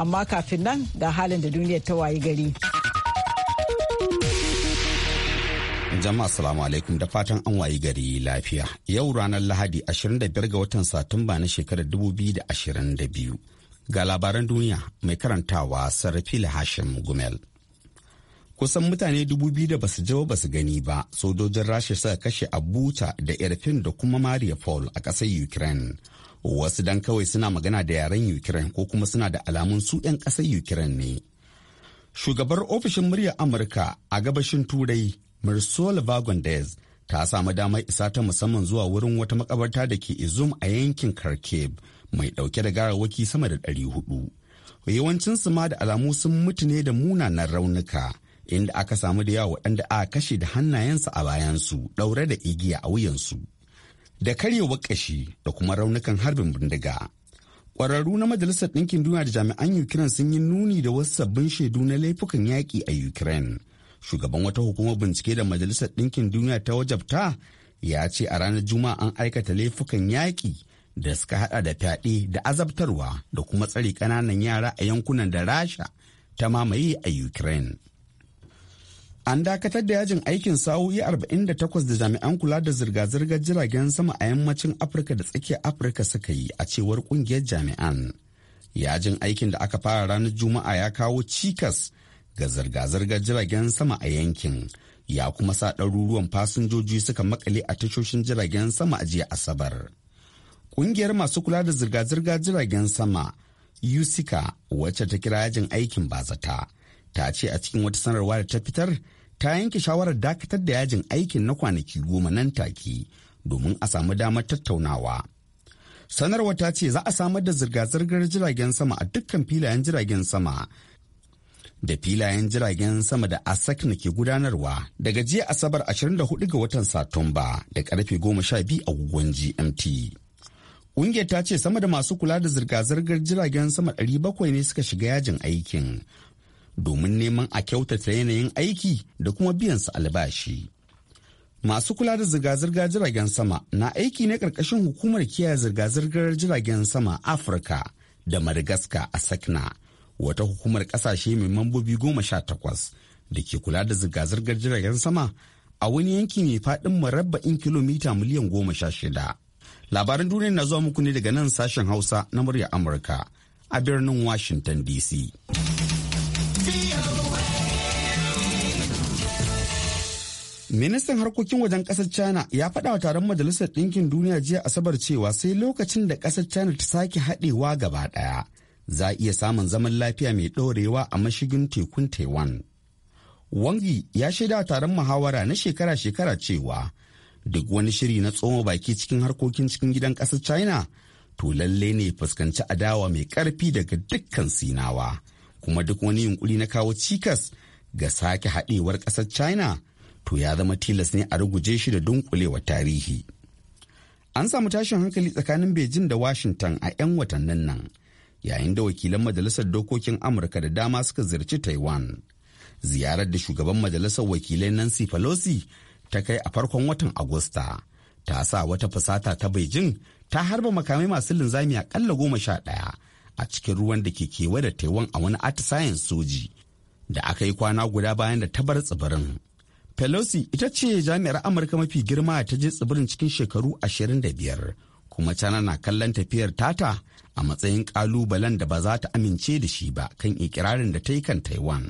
amma kafin nan ga halin da duniyar ta wayi gari. jama'a salamu alaikum da fatan an wayi gari lafiya yau ranar lahadi 25 ga watan satumba na shekarar 2022 ga labaran duniya mai karantawa sarrafi hashim gumel kusan mutane dubu biyu da basu jawo basu gani ba sojojin rasha suka kashe abuta da irfin da kuma maria paul a ƙasar ukraine wasu dan kawai suna magana da yaren ukraine ko kuma suna da alamun su 'yan ƙasar ukraine ne shugabar ofishin muryar amurka a gabashin turai marisol vagondez ta samu damar isa ta musamman zuwa wurin wata makabarta da ke izum a yankin kharkiv mai dauke da garawaki sama da 400 yawancinsu ma da alamu sun mutu ne da munanan raunuka inda aka samu da yawa waɗanda aka kashe da hannayensu a bayansu ɗaure da igiya a wuyansu da karyewar kashi da kuma raunukan harbin bindiga. Ƙwararru na Majalisar Ɗinkin Duniya da jami'an Ukraine sun yi nuni da wasu sabbin shaidu na laifukan yaƙi a Ukraine. Shugaban wata hukumar bincike da Majalisar Ɗinkin Duniya ta wajabta ya ce a ranar Juma'a an aikata laifukan yaƙi da suka hada da fyaɗe da azabtarwa da kuma tsare ƙananan yara a yankunan da Rasha ta mamaye a Ukraine. An dakatar da yajin aikin sa'o'i 48 da jami'an kula da zirga-zirgar jiragen sama a yammacin Afirka da tsakiyar Afirka suka yi a cewar kungiyar jami'an. Yajin aikin da aka fara ranar Juma'a ya kawo cikas ga zirga-zirgar jiragen sama a yankin. Ya kuma sa ɗaruruwan fasinjoji suka makale a tashoshin jiragen sama a jiya Asabar. Kungiyar masu kula da zirga-zirgar jiragen sama, Yusika, wacce ta kira yajin aikin bazata. ta ce a cikin wata sanarwa da ta fitar ta yanke shawarar dakatar da yajin aikin na kwanaki goma nan take domin a samu damar tattaunawa. Sanarwa ta ce za a samar da zirga-zirgar jiragen sama a dukkan filayen jiragen sama da filayen jiragen sama da ASAC na ke gudanarwa daga jiya Asabar 24 ga watan Satumba da karfe 12 agogon GMT. Ƙungiyar ta ce sama da masu kula da zirga-zirgar jiragen sama 700 ne suka shiga yajin aikin domin neman a kyautata yanayin aiki da kuma biyan su albashi. Masu kula da zirga-zirga jiragen sama na aiki na ƙarƙashin hukumar kiyaye zirga-zirgar jiragen sama Afirka da Madagascar a Sakna, wata hukumar ƙasashe mai mambobi goma sha takwas da ke kula da zirga-zirgar jiragen sama a wani yanki mai faɗin marabba'in kilomita miliyan goma sha shida. Labaran duniya na zuwa muku ne daga nan sashen Hausa na murya Amurka a birnin Washington DC. Ministan harkokin wajen ƙasar China ya faɗa wa taron Majalisar Ɗinkin Duniya jiya Asabar cewa sai lokacin da ƙasar China ta sake haɗewa gaba ɗaya za a iya samun zaman lafiya mai ɗorewa a mashigin tekun Taiwan. Wangi ya shaida taron muhawara na shekara-shekara cewa duk wani shiri na tsoma baki cikin harkokin cikin gidan ƙasar China to lalle ne fuskanci adawa mai ƙarfi daga dukkan sinawa kuma duk wani yunkuri na kawo cikas ga sake haɗewar ƙasar China. to ya zama tilas ne a ruguje shi da dunkulewa tarihi. An samu tashin hankali tsakanin Beijing da Washington a 'yan watannin nan, yayin da wakilan Majalisar Dokokin Amurka da dama suka ziyarci Taiwan. Ziyarar da shugaban Majalisar Wakilai Nancy Pelosi ta kai a farkon watan Agusta, ta sa wata fusata ta Beijing ta harba makamai masu linzami akalla goma sha ɗaya a cikin ruwan da ke kewa da Taiwan a wani atisayen soji da aka yi kwana guda bayan da ta bar tsibirin. Pelosi ita ce jami'ar Amurka mafi girma ta je tsibirin cikin shekaru 25 kuma tana na kallon tafiyar tata a matsayin kalubalen da ba za ta amince da shi ba kan ikirarin da ta yi kan Taiwan.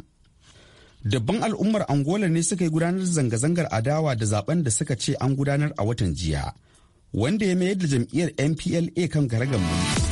Dabban al'ummar Angola ne suka yi gudanar zanga-zangar adawa da zaben da suka ce an gudanar a watan jiya, wanda ya mayar da jam'iyyar MPLA kan garagan mulki.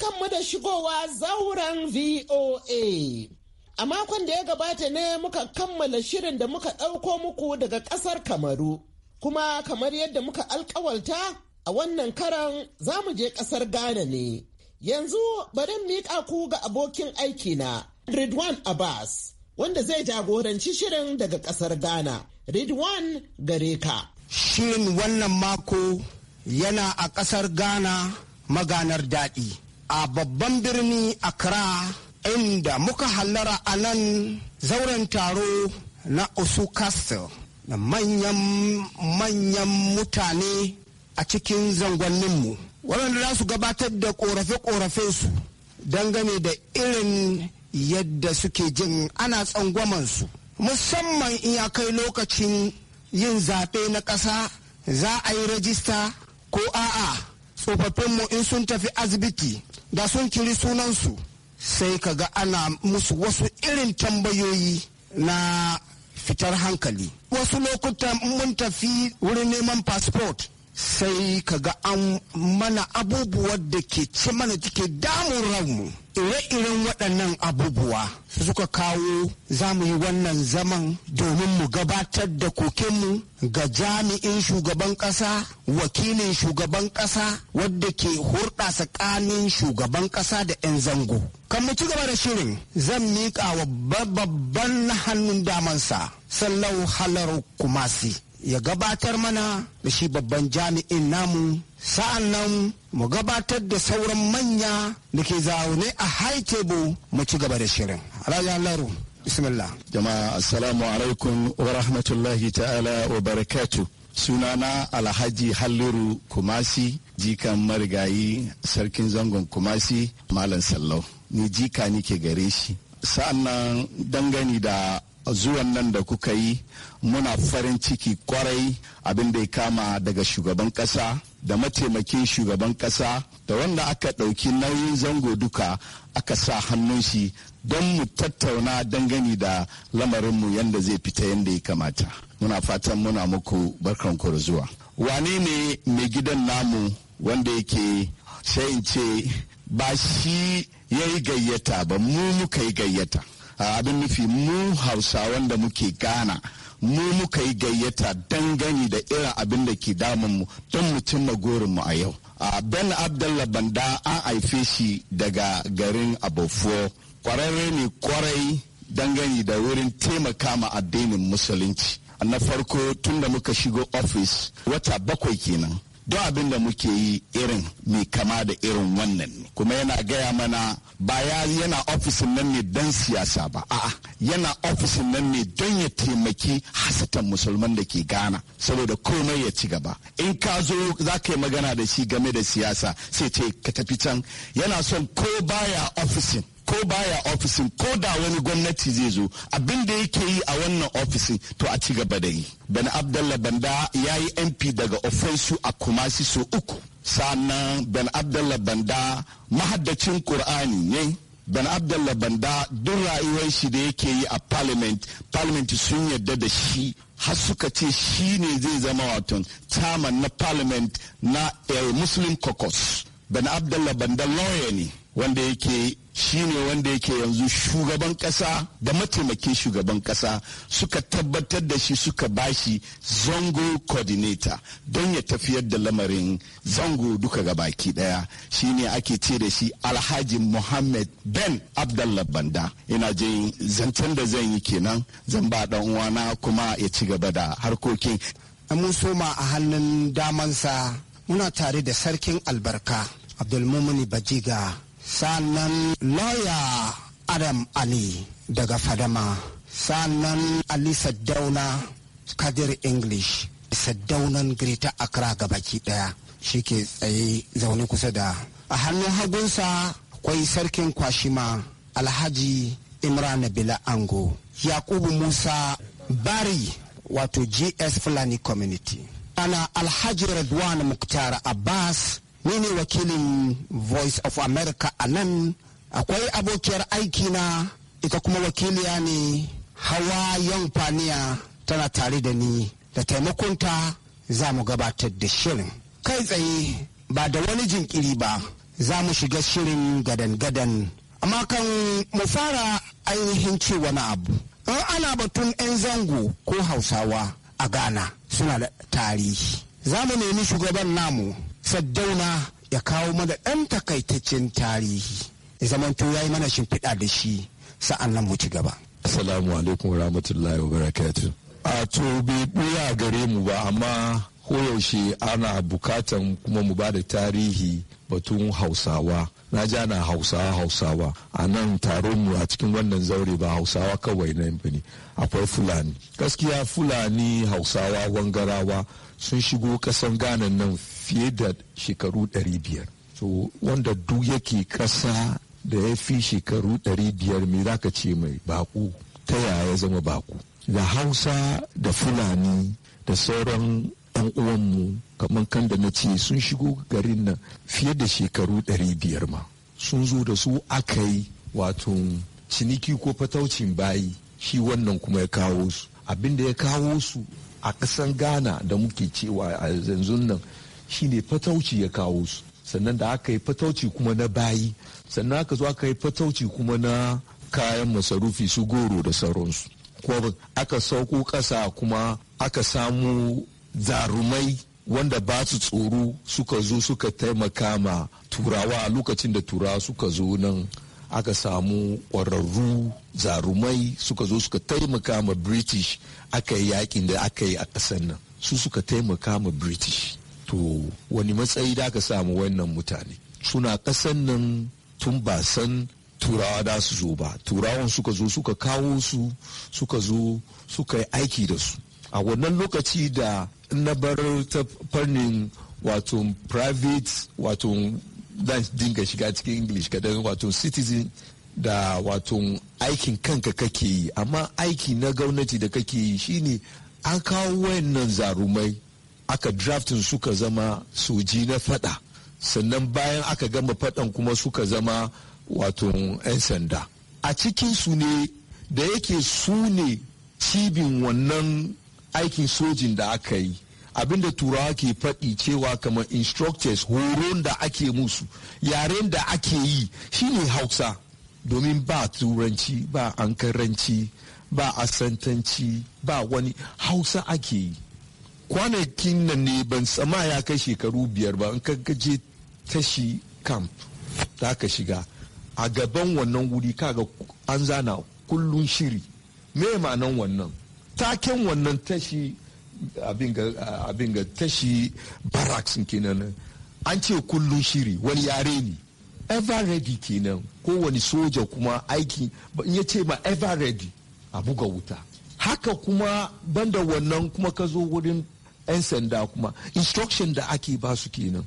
mu da shigowa zauren VOA. A makon da ya gabata ne muka kammala shirin da muka ɗauko muku daga ƙasar Kamaru. Kuma kamar yadda muka alkawalta a wannan karan za mu je ƙasar Ghana ne. Yanzu bari miƙa ku ga abokin aikina, Ridwan Abbas, wanda zai jagoranci shirin daga ƙasar Ghana. Ridwan gare ka. Shirin wannan mako yana a ƙasar Ghana maganar daɗi. a babban birni Accra inda muka hallara a nan zauren taro na Osu Castle da manyan mutane a cikin zangonninmu waɗanda za su gabatar da ƙorafe-ƙorafe su dangane da irin yadda suke jin ana tsangwamansu musamman in ya kai lokacin yin zaɓe na ƙasa za a yi rajista ko a'a tsofaffinmu in sun tafi asibiti da sun kiri sunansu sai ka ga ana musu wasu irin tambayoyi na fitar hankali wasu lokuta mun tafi wurin neman fasfot sai ka ga an mana abubuwa da ke ci mana take damun ranmu ire-iren waɗannan abubuwa suka kawo za mu yi wannan zaman domin mu gabatar da kokenmu ga jami'in shugaban ƙasa wakilin shugaban ƙasa wadda ke hurɗa tsakanin shugaban ƙasa da 'yan zango kan mu ci gaba da shirin zan miƙa wa babban hannun damansa sallau halar kumasi ya gabatar mana da shi babban jami'in namu sa'an nan mu gabatar da sauran manya da ke zaune a high table mu ci gaba da shirin rajan laro bismillah jama'a assalamu alaikum wa rahmatullahi ta'ala wa barakatu sunana alhaji halliru kumasi jikan marigayi sarkin zangon kumasi malam sallau ni jika nike gare shi sa'an nan dangane da zuwan nan da kuka yi muna farin ciki kwarai abin da ya kama daga shugaban kasa da mataimakin shugaban kasa da wanda aka ɗauki nauyin zango duka aka sa hannun shi don mu tattauna dangane da lamarinmu yadda zai fita yadda ya kamata muna fatan muna muku barkan da zuwa wane ne mai gidan namu wanda yake shayin ce ba shi ya yi gayyata ba mu muka yi gayyata a abin nufi mu hausawan da muke gana mu muka yi gayyata dangane da irin abin da ke damunmu don mu cimma mu a yau A ben abdallah banda an haife shi daga garin abofuwa kwararre ne kwarai dangane da wurin taimaka ma addinin musulunci na farko tun da muka shigo ofis wata bakwai kenan duk abin da muke yi irin mai kama da irin wannan kuma yana gaya mana ba ya yana ofisin nan ne don siyasa ba a'a yana ofisin nan ne don ya taimaki hasitan musulman da ke gana saboda komai ya ci gaba in ka zo za ka yi magana da shi game da siyasa sai ce ka tafi can yana son ko baya ofishin. ko baya ofisin ko da wani gwamnati zai zo abin da yake yi a wannan ofisin to a ci gaba da yi bana abdallah banda ya yi mp daga ofensu a kumasi so uku sannan ben abdallah banda mahaddacin qur'ani ne ban abdallah banda duk rayuwar shi da yake yi a parliament parliament sun yarda da shi har suka ce shi ne zai zama waton chairman na parliament na eh, muslim caucus ban abdallah banda lawyer ne wanda yake Shi ne wanda yake yanzu shugaban kasa da mataimakin shugaban kasa suka tabbatar da shi suka bashi zango coordinator don ya tafiyar da lamarin zango duka ga baki daya ne ake ce da shi alhaji muhammad ben abdallah banda ina jin zancen da zan yi kenan zan ba dan uwana kuma ya ci gaba da harkokin mun soma a hannun damansa muna tare da sarkin albarka abdulmumini bajiga sannan lawyer adam ali daga fadama sannan ali saddauna kadir english saddaunan greta accra gabaki daya shi ke tsaye zaune kusa da a hannun hagunsa kwai sarkin kwashima alhaji Imran bila ango yakubu musa bari wato gs fulani community ana alhaji radwan muktar abbas ni ne wakilin voice of america a nan akwai abokiyar aiki na ita kuma wakiliya ne hawa yanfaniya tana tare da ni da taimakonta za mu gabatar da shirin kai tsaye ba da wani jinkiri ba za mu shiga shirin gadan-gadan amma kan mu fara ainihin ce wani abu in ana batun 'yan zango ko hausawa a ghana suna da tarihi za mu nemi shugaban namu saddauna ya kawo mana ɗan takaitaccen tarihi ya zamanto ya yi mana shimfiɗa da shi sa'an nan mu ci gaba. Assalamu alaikum wa rahmatullahi wa barakatu. A to bai ɓuya gare mu ba amma koyaushe ana bukatan kuma mu ba da tarihi batun hausawa na ja na hausawa hausawa a nan taron mu a cikin wannan zaure ba hausawa kawai na ne akwai fulani gaskiya fulani hausawa wangarawa sun shigo kasan ghana nan fiye da shekaru 500 so wanda duk yake kasa da ya fi shekaru 500 me za ka ce mai baku ta yaya zama baku da hausa da fulani da sauran 'yan uwanmu kamar kan da na ce sun shigo garin nan fiye da shekaru biyar ma sun zo da su aka yi wato ciniki ko fataucin bayi shi wannan kuma ya kawo su abinda ya kawo su a ƙasan ghana da muke cewa a yanzu nan shine fatauci ya kawo su sannan da aka yi fatauci kuma na bayi sannan aka zo aka yi fatauci kuma na kayan masarufi su goro da sauransu ko aka sauko ƙasa kuma aka samu zarumai wanda ba su tsoro suka zo suka taimaka ma turawa a lokacin da turawa suka zo nan aka samu ƙwararru zarumai suka zo suka taimaka ma british aka yi yakin da aka yi a ƙasar nan su suka taimaka ma british to wani matsayi da aka samu wannan mutane suna ƙasar nan tun ba san turawa da su zo ba turawan suka zo suka kawo su suka zo suka yi aiki da su a wannan lokaci da na bar ta fannin wato private wato dan dinga shiga cikin english kadan wato citizen da wato aikin kanka kake yi amma aiki na gwamnati da kake yi shine an kawo wayannan zarumai aka draftin suka zama soji na fada sannan bayan aka gama fadan kuma suka zama wato 'yan sanda a cikin su ne da yake su ne cibin wannan aikin sojin da aka yi abinda turawa ke faɗi cewa kamar instructors horon da ake musu yaren da ake yi shine hausa domin ba turanci ba ankaranci ba asantanci ba wani hausa ake yi kwanakin nan ne ban sama ya kai shekaru biyar ba in ka gaje tashi camp da ka shiga a gaban wannan wuri kaga an zana kullun shiri me ma'anan wannan taken wannan tashi abin ga tashi barracks kenan an ce kullun shiri wani yare ne ever ready kenan kowane soja kuma aiki in ya ce ma ever ready a buga wuta haka kuma banda wannan kuma ka zo wurin 'yan sanda kuma instruction da ake ba su kenan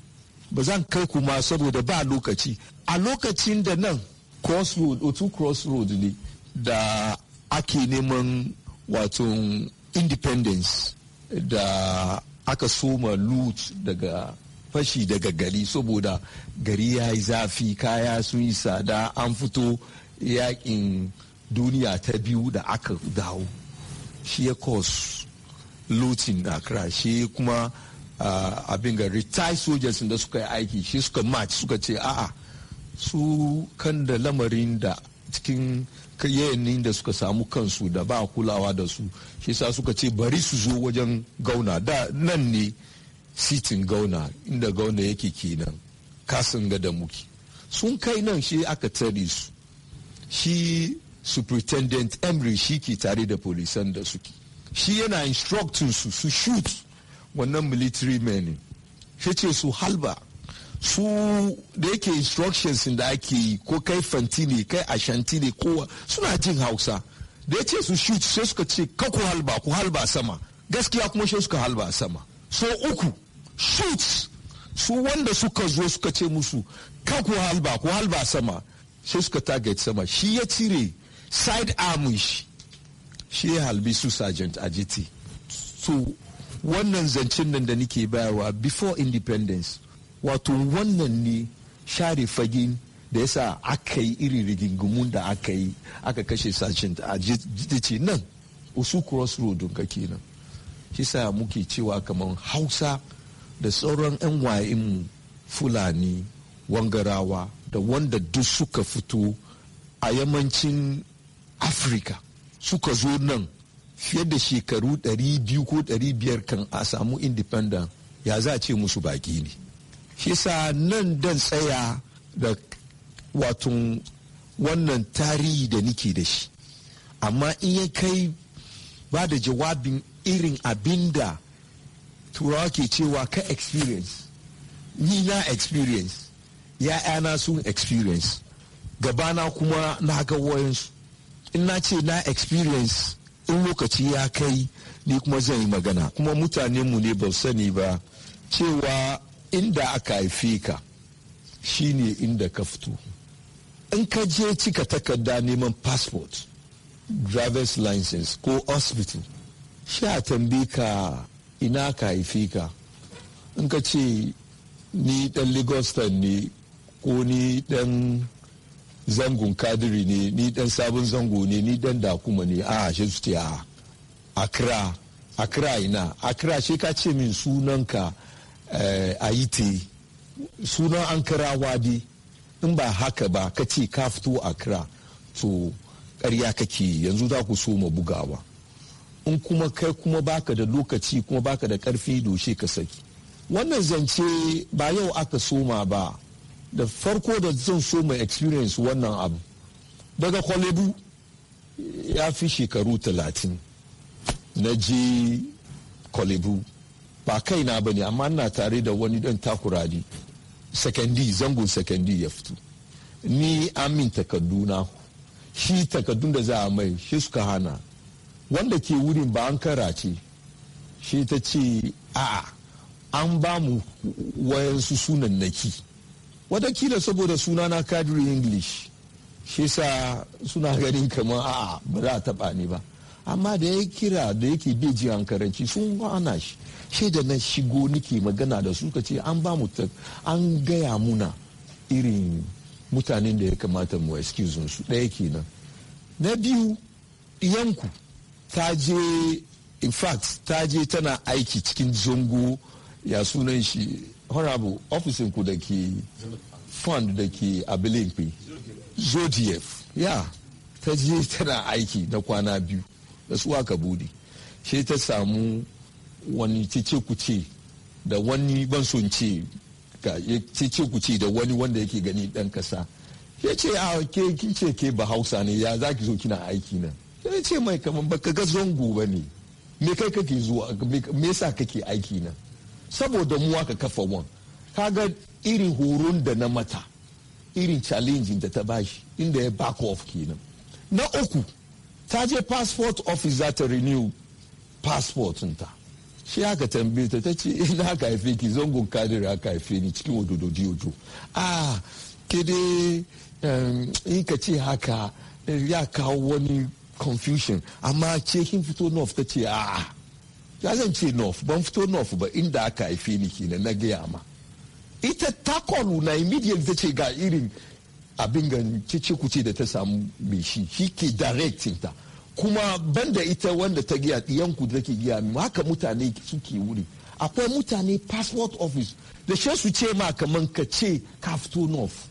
ba zan kai kuma saboda ba lokaci a lokacin da nan crossroad otu crossroad ne da ake neman wato independence da aka soma loot daga fashi daga gari saboda gari ya yi zafi kaya sun yi tsada an fito yakin duniya ta biyu da aka dawo shi ya cause looting na kira shi kuma abin ga retired soldiers da suka yi aiki shi suka march suka ce a'a su kan da lamarin da cikin yayin da suka samu kansu da ba kulawa da su shi sa suka ce bari su zo wajen gauna da nan ne sitin gauna inda gauna yake kenan kasan ga da muke sun kai nan shi aka tare su shi superintendent emry shi ke tare da polisan da suke shi yana instructing su su shoot wannan military men shi ce su halba su da yake instructions da ake yi ko kai fanti ne kai ashanti ne kowa suna jin hausa da ya ce su shoot sai suka ce ka ku halba ku halba sama gaskiya kuma sai suka halba sama so uku shoot su wanda suka zo suka ce musu ka ku halba ku halba sama sai suka target sama shi ya cire side arm shi shi ya halbi su sergeant ajiti so wannan zancen nan da nake bayarwa before independence wato wannan ne share fagin da ya sa aka yi iri rigingimun da aka yi aka kashe sashen a ce nan usu crossroad ka kenan shi sa muke cewa kamar hausa da sauran 'yan mu fulani wangarawa da wanda duk suka fito a yammacin afirka suka zo nan fiye da shekaru 200 ko 500 kan a samu independent ya za a ce musu baki ne shi sa nan dan tsaya da wato wannan tarihi da nike da shi amma in ya kai ba da jawabin irin abinda turawa ke cewa ka experience ni na experience ya ya'yana sun experience gabana kuma na ga wayansu in na ce na experience in lokaci ya kai ni kuma zan yi magana kuma mutane mu ne sani ba cewa inda aka haife ka shine inda ka fito in ka je cika takarda neman passport driver's license ko hospital sha tambi ka ina ka haifi ka in ka ce ni dan lagos ne ko ni dan zangon kadiri ne ni dan sabon zango ne ni dan dakuma ne a shi su ce a akra akra ina akra shi ka ce min sunanka Eh, a yi ta yi sunan an kira wadi in ba haka ba ka ce ka fito a kira to karya kake yanzu za ku so ma bugawa in kuma kai kuma baka da lokaci kuma baka da karfi doshe ka saki wannan zance ba yau aka soma ba da farko da zan so mai experience wannan abu daga kwalebu ya fi shekaru talatin na je kwalebu ba kaina ba ne amma ina tare da wani dan takurari sakandi zangon sakandi ya fito ni amin takarduna shi takardun da za a mai shi suka hana wanda ke wurin ba an karace shi ta ce a'a an ba mu wayansu sunan naki saboda suna na kadiri english shi sa suna ganin kamar a'a ba za a taba ni ba amma da ya kira da yake bai ji hankaranci sun hana shi she da na shigo niki magana da su ka ce an ba mu an gaya muna irin mutanen da ya kamata mu excuse su ɗaya kenan na biyu yanku ta je in fact ta je tana aiki cikin zongo ya sunan shi horrible ofisin ku da ke fund da ke abilinkwi Zodiac. ya ta je tana aiki na kwana biyu da suwa ka bude sai ta samu wani cece ku ce da wani ban son ce cece ku da wani wanda yake gani dan kasa ya ce a ke kin ce ke ba hausa ne ya za ki zo kina aiki nan ya ce mai kaman baka ga zango ba ne me kai kake zuwa me yasa kake aiki nan saboda mu aka kafa wan ka ga irin horon da na mata irin challenging da ta bashi inda ya back off kenan na uku ta je passport office za ta renew passport ta shi haka tambaye ta tace ina eh, ka haife ki zangon kadir haka haife ni cikin wadodoji wato ah ke dai in ka ce haka eh, ya kawo wani confusion amma ce kin fito north ta ce ah ya zan ce north ban fito north ba inda aka haife ni ki na gaya ma ita ta kwalu na immediate ta ce ga irin abin ga ce da ta samu mai shi shi ke directing ta kuma banda ita wanda ta giya yanku da ke giya haka mutane suke wuri akwai mutane passport office da she su ce ma kaman ka ce ka north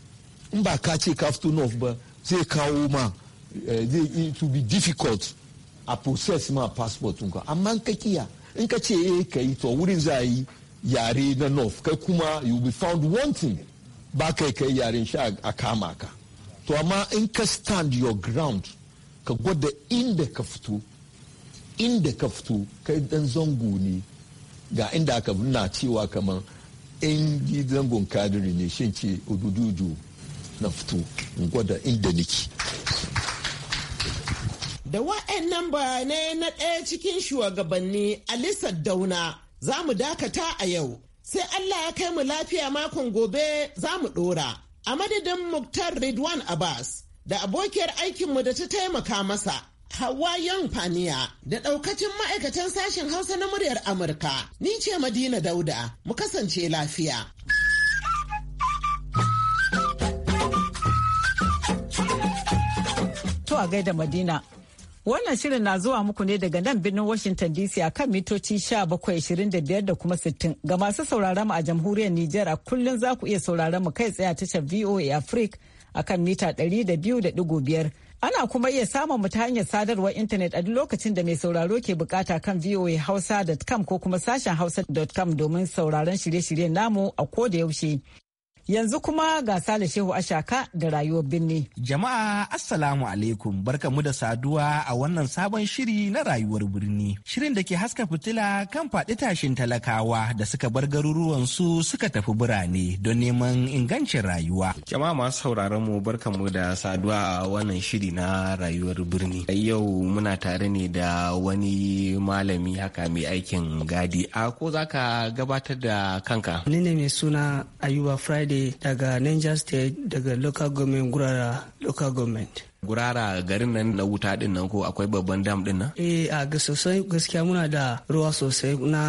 in ba ka ce north ba zai kawo ma eh, zai to be difficult a process ma passport ɗinka amma ka kiya in ka ce eh ka yi to wurin za yi yare na north kai kuma you be found wanting ba kai kai yaren sha a kama ka to amma in ka stand your ground ka gwada inda ka fito inda ka fito kai dan zango ne ga inda aka na cewa kamar in zangon kadiri ne shi ce udududu na fito gwada inda niki. da wa'annan bayanai na ɗaya cikin shugabanni alisa dauna za mu dakata a yau sai allah ya kai mu lafiya makon gobe za mu ɗora a madadin muktar ridwan abbas da abokiyar aikinmu da ta taimaka masa Hawa Young Faniya da ɗaukacin ma'aikatan sashen Hausa na muryar Amurka. Ni ce Madina Dauda, mu kasance lafiya. To a gaida Madina. Wannan shirin na zuwa muku ne daga nan birnin Washington DC a kan mitoci 1725 da kuma 60 ga masu sauraron mu a jamhuriyar Nijar a kullum za ku iya sauraron mu kai tsaye a tashar VOA Africa a kan mita 200.5 ana kuma iya samun mu ta hanyar sadarwar intanet a duk lokacin da mai sauraro ke bukata kan voahausa.com ko kuma sashen hausa.com domin sauraron shirye-shiryen namu a ko da yaushe Yanzu kuma ga Sale Shehu Ashaka da rayuwar birni. Jama'a Assalamu alaikum barkamu da saduwa a wannan sabon shiri na rayuwar birni. Shirin da ke haska fitila kan faɗi tashin talakawa da suka bar garuruwan su suka tafi birane don neman ingancin rayuwa. Jama'a masu sauraron mu barkamu da saduwa a wannan shiri na rayuwar birni. Yau muna tare ne da wani malami haka mai aikin gadi. A ko za gabatar da kanka? Ni ne mai suna Ayuba Friday daga niger state daga local government gurara local government gurara garin nan na wuta din nan ko akwai babban dam din nan? Eh a ga sosai gaskiya muna da ruwa sosai na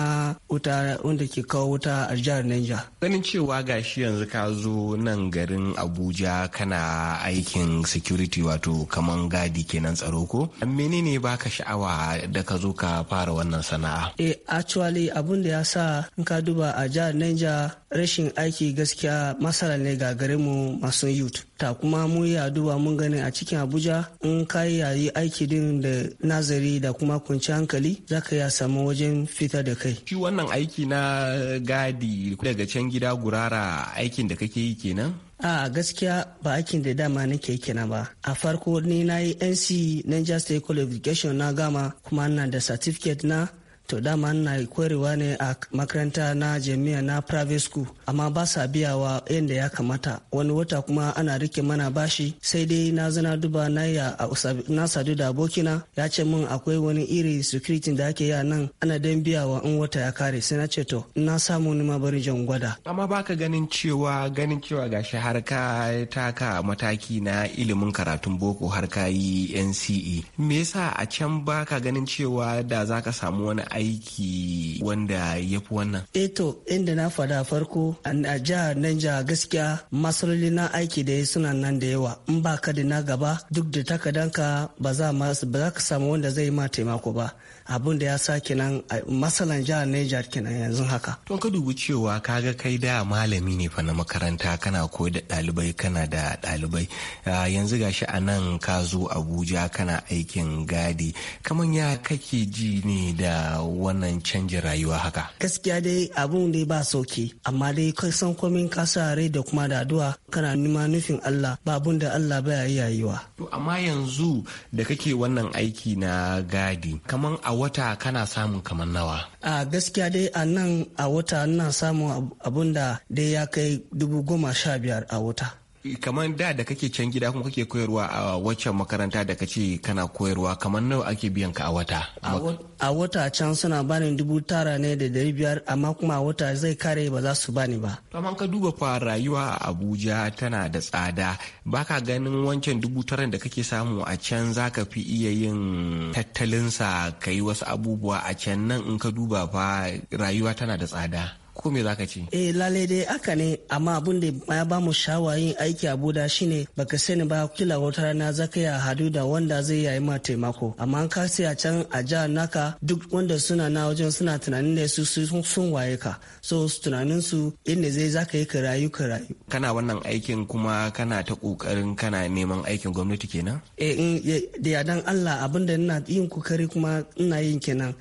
wuta wanda ke kawo wuta a jihar Niger. Ganin cewa gashi yanzu ka zo nan garin Abuja kana aikin security wato kaman gadi kenan tsaro ko? Menene baka sha'awa da ka zo ka fara wannan sana'a? Eh actually abun da ya sa in ka duba a jihar Niger rashin aiki gaskiya masala ne ga garinmu masu youth. Ta kuma mu ya duba mun gani a cikin abuja in ka yayi aiki din da nazari da kuma kunci hankali za ka ya samu wajen fitar da kai shi wannan aiki na gadi daga can gida gurara aikin da kake yi kenan a gaskiya ba aikin da dama nake kenan ba a farko ni na yi nc niger state college of education na gama kuma na da certificate na to dama na koyarwa ne a makaranta na jami'a na private school amma ba sa biyawa yadda ya kamata wani wata kuma ana rike mana bashi sai dai na zana duba na ya na sadu da abokina ya ce min akwai wani iri security da ake yi nan ana dan biyawa in wata ya kare sai na ce to na samu ni ma bari jan gwada amma baka ganin cewa ganin cewa gashi har ka taka mataki na ilimin karatun boko har ka yi NCE me yasa a can baka ganin cewa da zaka samu wani aiki wanda ya fi wannan? Eto eh inda na fada farko a jihar Niger gaskiya masaloli na aiki da suna nan da yawa in ba ka da na gaba duk da takadanka ba za ka samu wanda zai ma taimako ba. abin da ya sa kenan masalan jihar Niger kenan yanzu haka. To ka dubi cewa kaga kai da malami ne fa na makaranta kana koyar da ɗalibai kana da ɗalibai yanzu gashi a nan ka zo Abuja kana aikin gadi kaman ya kake ji ne da wannan canjin rayuwa haka. Gaskiya dai abun dai ba soke amma dai kai san komin kasare da kuma da addu'a kana nima nufin Allah ba da Allah baya yi wa. To amma yanzu da kake wannan aiki na gadi kaman a wata kana samun kaman nawa? A gaskiya dai a nan a wata na samun abun da dai ya kai dubu goma sha biyar a wata. kamar da da kake can gida kuma kake koyarwa a waccan makaranta da kace kana koyarwa kamar nawa ake biyan ka a wata a wata can suna bani dubu tara ne da dari biyar amma kuma a wata zai kare ba za su bani ba amma ka duba fa rayuwa a abuja tana da tsada baka ganin wancan dubu tara da kake samu a can zaka fi iya yin tattalinsa ka yi wasu abubuwa a can nan in ka duba fa rayuwa tana da tsada ko me zaka ce eh lalle dai haka ne amma abun da ya ba mu shawayin aiki a abuda shine baka sani ba kila wata rana zaka ya hadu da wanda zai yayi ma taimako amma an kasi a can a jihar naka duk wanda suna na wajen suna tunanin da su sun waye ka so tunanin su inda zai zaka yi ka rayu ka kana wannan aikin kuma kana ta kokarin kana neman aikin gwamnati kenan eh, eh da yadan Allah abin da ina yin kokari kuma ina yin kenan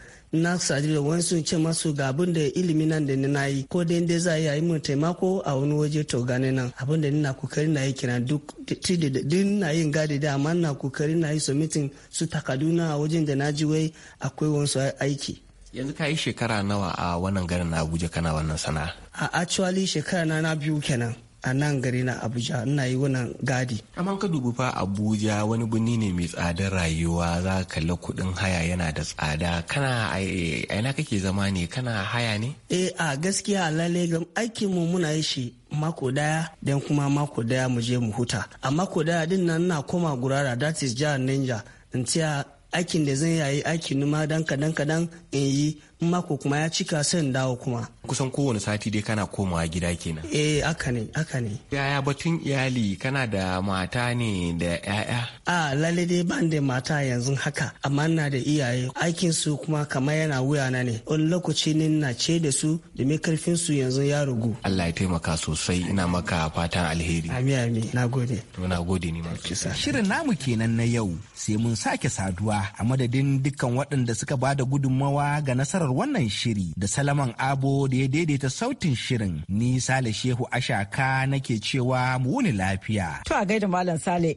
na sadu da wani sun ce masu ga abin da ilimi nan da na yi ko dai dai za a yi mun taimako a wani waje to gane nan abin da nina kokari na yi kiran duk din na yin gadi da amma na kokari na yi submitting su takaduna a wajen da na ji wai akwai wasu aiki yanzu ka yi shekara nawa a wannan garin na abuja kana wannan sana'a a actually shekara na na biyu kenan a nan gari na abuja ina yi wannan gadi amma ka dubi fa abuja wani birni ne mai tsadar rayuwa za ka kalli kuɗin haya yana da tsada kana aina kake zama ne kana haya ne eh a gaskiya lalle gam aikin mu muna yi shi mako daya dan kuma mako daya mu je mu huta a mako daya din nan na koma gurara that is jihar ninja in aikin da zan yayi aikin ma dan kadan kadan in yi mako kuma ya cika sai dawo kuma kusan kowane sati dai kana komawa gida kenan eh aka ne aka ne yaya batun iyali kana da mata ne da yaya a lalle dai ban da mata yanzu haka amma na da iyaye aikin su kuma kamar yana wuya na ne wani lokaci ne na ce da su domin karfin su yanzu ya rugu Allah ya taimaka sosai ina maka fatan alheri amin amin nagode to nagode ni ma shirin namu kenan na yau sai mun sake saduwa a madadin dukkan waɗanda suka ba da gudunmawa ga nasarar wannan shiri da Salaman Abo da ya daidaita sautin shirin. Ni Sale Shehu Ashaka nake cewa mu wuni lafiya. To a gaida Malam Sale.